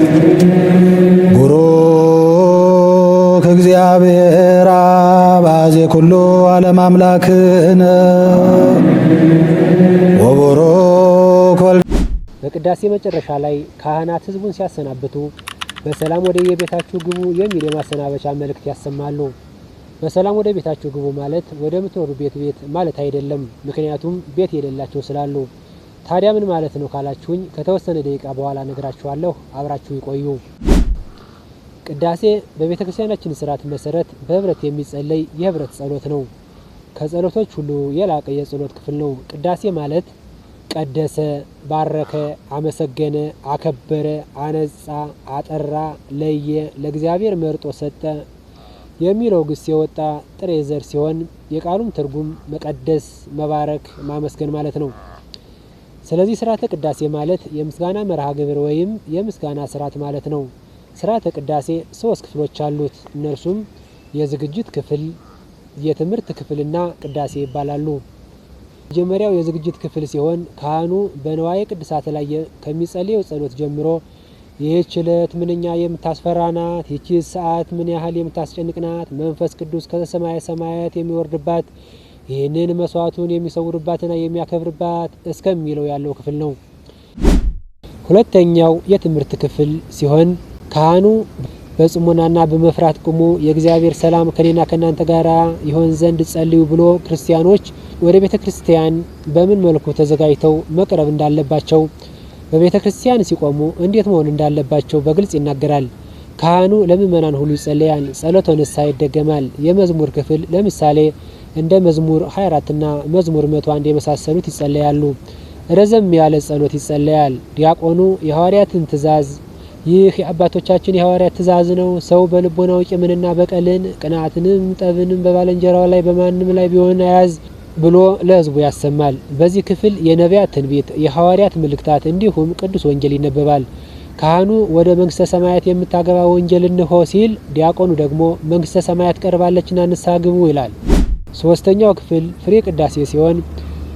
ቡሩክ እግዚአብሔር አብ ዘኩሉ ዓለም አምላክነ ወቡሩክ ወልድ። በቅዳሴ መጨረሻ ላይ ካህናት ህዝቡን ሲያሰናብቱ በሰላም ወደ የቤታችሁ ግቡ የሚል የማሰናበቻ መልእክት ያሰማሉ። በሰላም ወደ ቤታችሁ ግቡ ማለት ወደ ምትኖሩ ቤት ቤት ማለት አይደለም። ምክንያቱም ቤት የሌላቸው ስላሉ ታዲያ ምን ማለት ነው ካላችሁኝ ከተወሰነ ደቂቃ በኋላ ነግራችኋለሁ። አብራችሁ ይቆዩ። ቅዳሴ በቤተ ክርስቲያናችን ስርዓት መሰረት በህብረት የሚጸለይ የህብረት ጸሎት ነው። ከጸሎቶች ሁሉ የላቀ የጸሎት ክፍል ነው። ቅዳሴ ማለት ቀደሰ፣ ባረከ፣ አመሰገነ፣ አከበረ፣ አነጻ፣ አጠራ፣ ለየ፣ ለእግዚአብሔር መርጦ ሰጠ የሚለው ግስ የወጣ ጥሬ ዘር ሲሆን የቃሉም ትርጉም መቀደስ፣ መባረክ፣ ማመስገን ማለት ነው። ስለዚህ ስርዓተ ቅዳሴ ማለት የምስጋና መርሃ ግብር ወይም የምስጋና ስርዓት ማለት ነው። ስርዓተ ቅዳሴ ሶስት ክፍሎች አሉት። እነርሱም የዝግጅት ክፍል፣ የትምህርት ክፍልና ቅዳሴ ይባላሉ። መጀመሪያው የዝግጅት ክፍል ሲሆን ካህኑ በንዋየ ቅድሳት ላይ ከሚጸልየው ጸሎት ጀምሮ ይህች ዕለት ምንኛ የምታስፈራ ናት! ይቺ ሰዓት ምን ያህል የምታስጨንቅናት? መንፈስ ቅዱስ ከሰማየ ሰማያት የሚወርድባት ይህንን መስዋዕቱን የሚሰውርባትና የሚያከብርባት እስከሚለው ያለው ክፍል ነው። ሁለተኛው የትምህርት ክፍል ሲሆን ካህኑ በጽሙናና በመፍራት ቁሙ፣ የእግዚአብሔር ሰላም ከኔና ከእናንተ ጋር ይሆን ዘንድ ጸልዩ ብሎ ክርስቲያኖች ወደ ቤተ ክርስቲያን በምን መልኩ ተዘጋጅተው መቅረብ እንዳለባቸው፣ በቤተ ክርስቲያን ሲቆሙ እንዴት መሆን እንዳለባቸው በግልጽ ይናገራል። ካህኑ ለምእመናን ሁሉ ይጸለያል፣ ጸሎተ ንስሐ ይደገማል። የመዝሙር ክፍል ለምሳሌ እንደ መዝሙር 24ና መዝሙር 101 የመሳሰሉት ይጸለያሉ። ረዘም ያለ ጸሎት ይጸለያል። ዲያቆኑ የሐዋርያትን ትእዛዝ ይህ የአባቶቻችን የሐዋርያት ትእዛዝ ነው። ሰው በልቦናው ቂምንና በቀልን ቅንዓትንም ጠብንም በባለንጀራው ላይ በማንም ላይ ቢሆን አያዝ ብሎ ለሕዝቡ ያሰማል። በዚህ ክፍል የነቢያት ትንቢት፣ የሐዋርያት ምልክታት እንዲሁም ቅዱስ ወንጌል ይነበባል። ካህኑ ወደ መንግስተ ሰማያት የምታገባ ወንጌል እንሆ ሲል፣ ዲያቆኑ ደግሞ መንግሥተ ሰማያት ቀርባለችና ንስሐ ግቡ ይላል። ሶስተኛው ክፍል ፍሬ ቅዳሴ ሲሆን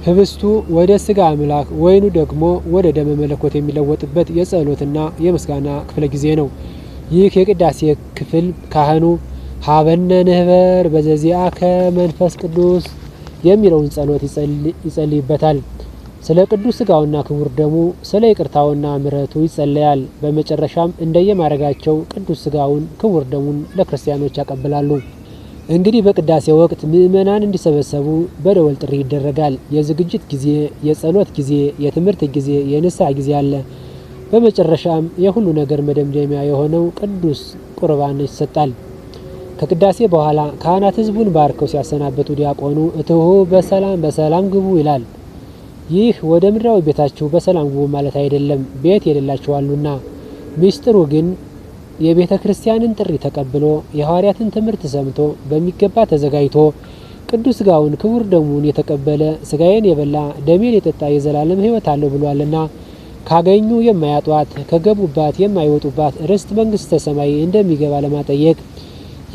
ህብስቱ ወደ ስጋ አምላክ ወይኑ ደግሞ ወደ ደመ መለኮት የሚለወጥበት የጸሎትና የምስጋና ክፍለ ጊዜ ነው። ይህ የቅዳሴ ክፍል ካህኑ ሀበነ ንህበር በዘዚአከ መንፈስ ቅዱስ የሚለውን ጸሎት ይጸልይበታል። ስለ ቅዱስ ስጋውና ክቡር ደሙ፣ ስለ ይቅርታውና ምረቱ ይጸለያል። በመጨረሻም እንደየማድረጋቸው ቅዱስ ስጋውን ክቡር ደሙን ለክርስቲያኖች ያቀብላሉ። እንግዲህ በቅዳሴ ወቅት ምእመናን እንዲሰበሰቡ በደወል ጥሪ ይደረጋል። የዝግጅት ጊዜ፣ የጸሎት ጊዜ፣ የትምህርት ጊዜ፣ የንስሐ ጊዜ አለ። በመጨረሻም የሁሉ ነገር መደምደሚያ የሆነው ቅዱስ ቁርባን ይሰጣል። ከቅዳሴ በኋላ ካህናት ሕዝቡን ባርከው ሲያሰናበቱ ዲያቆኑ እትሁ በሰላም በሰላም ግቡ ይላል። ይህ ወደ ምድራዊ ቤታችሁ በሰላም ግቡ ማለት አይደለም፣ ቤት የሌላችኋሉና። ምስጢሩ ግን የቤተ ክርስቲያንን ጥሪ ተቀብሎ የሐዋርያትን ትምህርት ሰምቶ በሚገባ ተዘጋጅቶ ቅዱስ ሥጋውን ክቡር ደሙን የተቀበለ ሥጋዬን የበላ ደሜን የጠጣ የዘላለም ሕይወት አለው ብሏልና ካገኙ የማያጧት ከገቡባት የማይወጡባት ርስት መንግሥተ ሰማይ እንደሚገባ ለማጠየቅ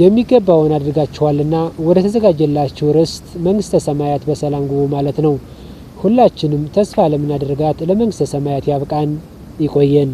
የሚገባውን አድርጋችኋልና ወደ ተዘጋጀላችሁ ርስት መንግሥተ ሰማያት በሰላም ግቡ ማለት ነው። ሁላችንም ተስፋ ለምናደርጋት ለመንግሥተ ሰማያት ያብቃን። ይቆየን።